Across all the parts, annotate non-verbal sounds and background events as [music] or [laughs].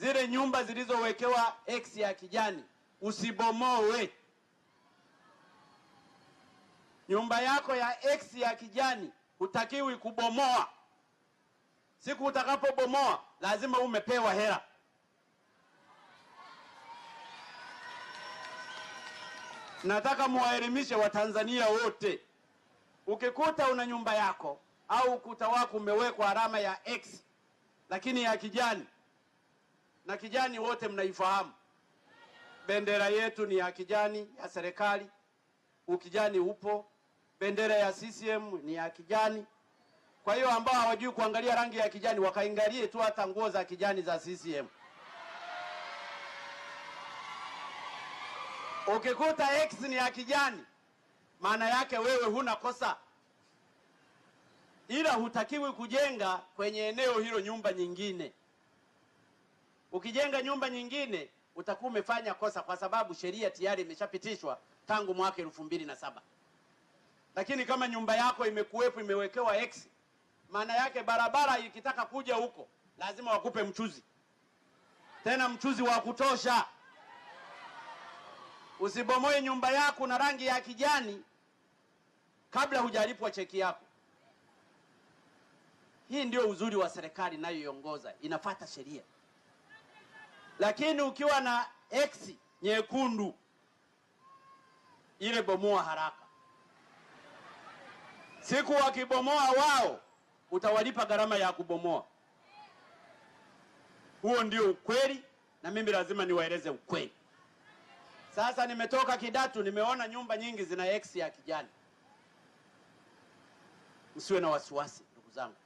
zile nyumba zilizowekewa X ya kijani usibomoe. Nyumba yako ya X ya kijani hutakiwi kubomoa. Siku utakapobomoa lazima umepewa hela. Nataka muwaelimishe Watanzania wote, ukikuta una nyumba yako au ukuta wako umewekwa alama ya X lakini ya kijani na kijani, wote mnaifahamu bendera yetu ni ya kijani ya serikali, ukijani upo. Bendera ya CCM ni ya kijani. Kwa hiyo ambao hawajui kuangalia rangi ya kijani wakaingalie tu hata nguo za kijani za CCM. Ukikuta X ni ya kijani, maana yake wewe huna kosa, ila hutakiwi kujenga kwenye eneo hilo nyumba nyingine. Ukijenga nyumba nyingine utakuwa umefanya kosa, kwa sababu sheria tayari imeshapitishwa tangu mwaka elfu mbili na saba. Lakini kama nyumba yako imekuwepo imewekewa X, maana yake barabara ikitaka kuja huko lazima wakupe mchuzi, tena mchuzi wa kutosha. Usibomoe nyumba yako na rangi ya kijani kabla hujalipwa cheki yako. Hii ndio uzuri wa serikali inayoiongoza, inafata sheria lakini ukiwa na X nyekundu ile bomoa haraka. Siku wakibomoa wao utawalipa gharama ya kubomoa. Huo ndio ukweli, na mimi lazima niwaeleze ukweli. Sasa nimetoka Kidatu, nimeona nyumba nyingi zina X ya kijani. Msiwe na wasiwasi, ndugu zangu,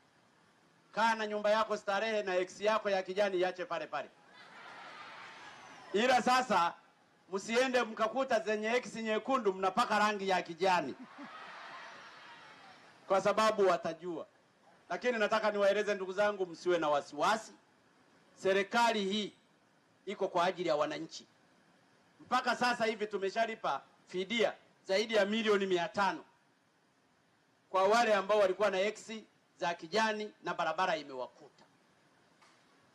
kaa na nyumba yako starehe, na X yako ya kijani yache pale pale ila sasa msiende mkakuta zenye X nyekundu mnapaka rangi ya kijani, kwa sababu watajua. Lakini nataka niwaeleze ndugu zangu, msiwe na wasiwasi. Serikali hii iko kwa ajili ya wananchi. Mpaka sasa hivi tumeshalipa fidia zaidi ya milioni mia tano kwa wale ambao walikuwa na X za kijani na barabara imewakuta.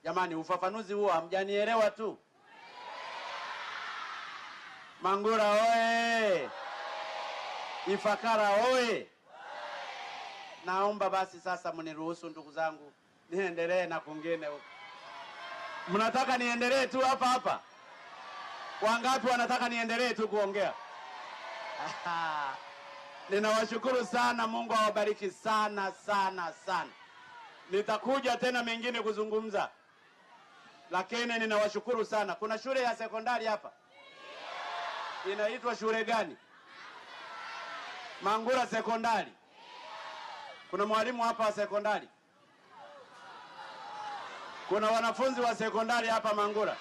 Jamani, ufafanuzi huo hamjanielewa tu. Mangura oye! Ifakara oye! Naomba basi sasa mniruhusu ndugu zangu niendelee na kungine huko. Mnataka niendelee tu hapa hapa? Wangapi wanataka niendelee tu kuongea? [laughs] Ninawashukuru sana, Mungu awabariki sana sana sana. Nitakuja tena mengine kuzungumza, lakini ninawashukuru sana. Kuna shule ya sekondari hapa inaitwa shule gani? Mangura Sekondari. Kuna mwalimu hapa wa sekondari? Kuna wanafunzi wa sekondari hapa Mangura?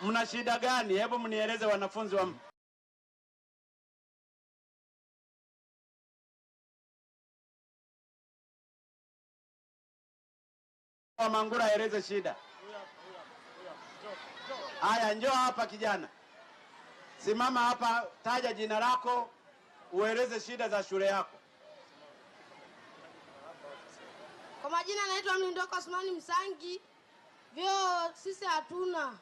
Mna shida gani? Hebu mnieleze wanafunzi wa Mangura, eleze shida. Haya, njoo hapa kijana. Simama hapa, taja jina lako, ueleze shida za shule yako. Kwa majina naitwa Mlindoko Osmani Msangi. Vyoo sisi hatuna.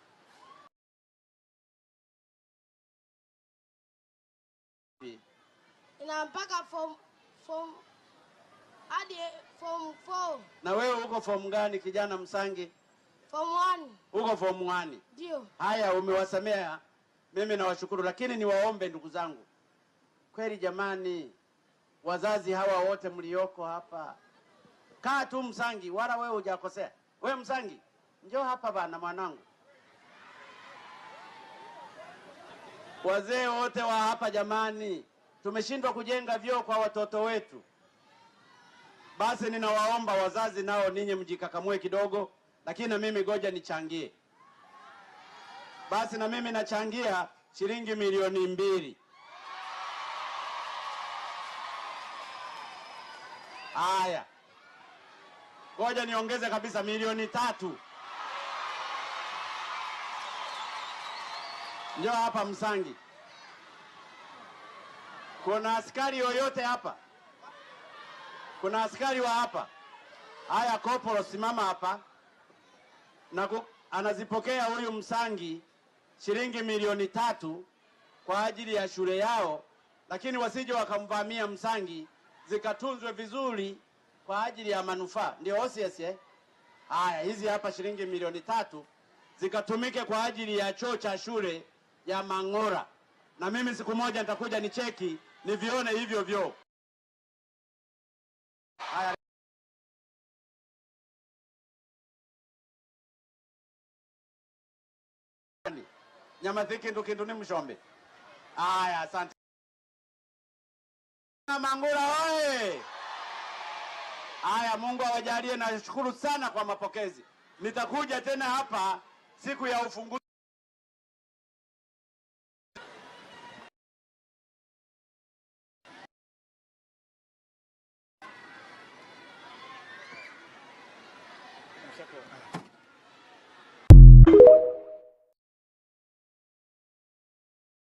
Ina mpaka form form hadi form 4. Na wewe uko form gani kijana Msangi? Form 1. Uko form 1? Ndio. Haya, umewasamea mimi nawashukuru, lakini niwaombe ndugu zangu, kweli jamani, wazazi hawa wote mlioko hapa, kaa tu Msangi, wala wewe hujakosea. We Msangi, njoo hapa bana, mwanangu. Wazee wote wa hapa jamani, tumeshindwa kujenga vyoo kwa watoto wetu. Basi ninawaomba wazazi nao, ninyi mjikakamue kidogo, lakini na mimi goja nichangie basi na mimi nachangia shilingi milioni mbili. Haya, ngoja niongeze kabisa milioni tatu. Njoo hapa Msangi. Kuna askari yoyote hapa? Kuna askari wa hapa? Haya, koporo, simama hapa na anazipokea huyu Msangi shilingi milioni tatu kwa ajili ya shule yao, lakini wasije wakamvamia Msangi, zikatunzwe vizuri kwa ajili ya manufaa. Ndio OCS eh? Haya, hizi hapa shilingi milioni tatu zikatumike kwa ajili ya choo cha shule ya Mang'ora, na mimi siku moja nitakuja ni cheki nivione hivyo vyoo. Haya nyama thikindu kendo ni mshombe. Aya, asante na Mangula oye! Aya, Mungu awajalie. Nashukuru sana kwa mapokezi. Nitakuja tena hapa siku ya ufunguzi.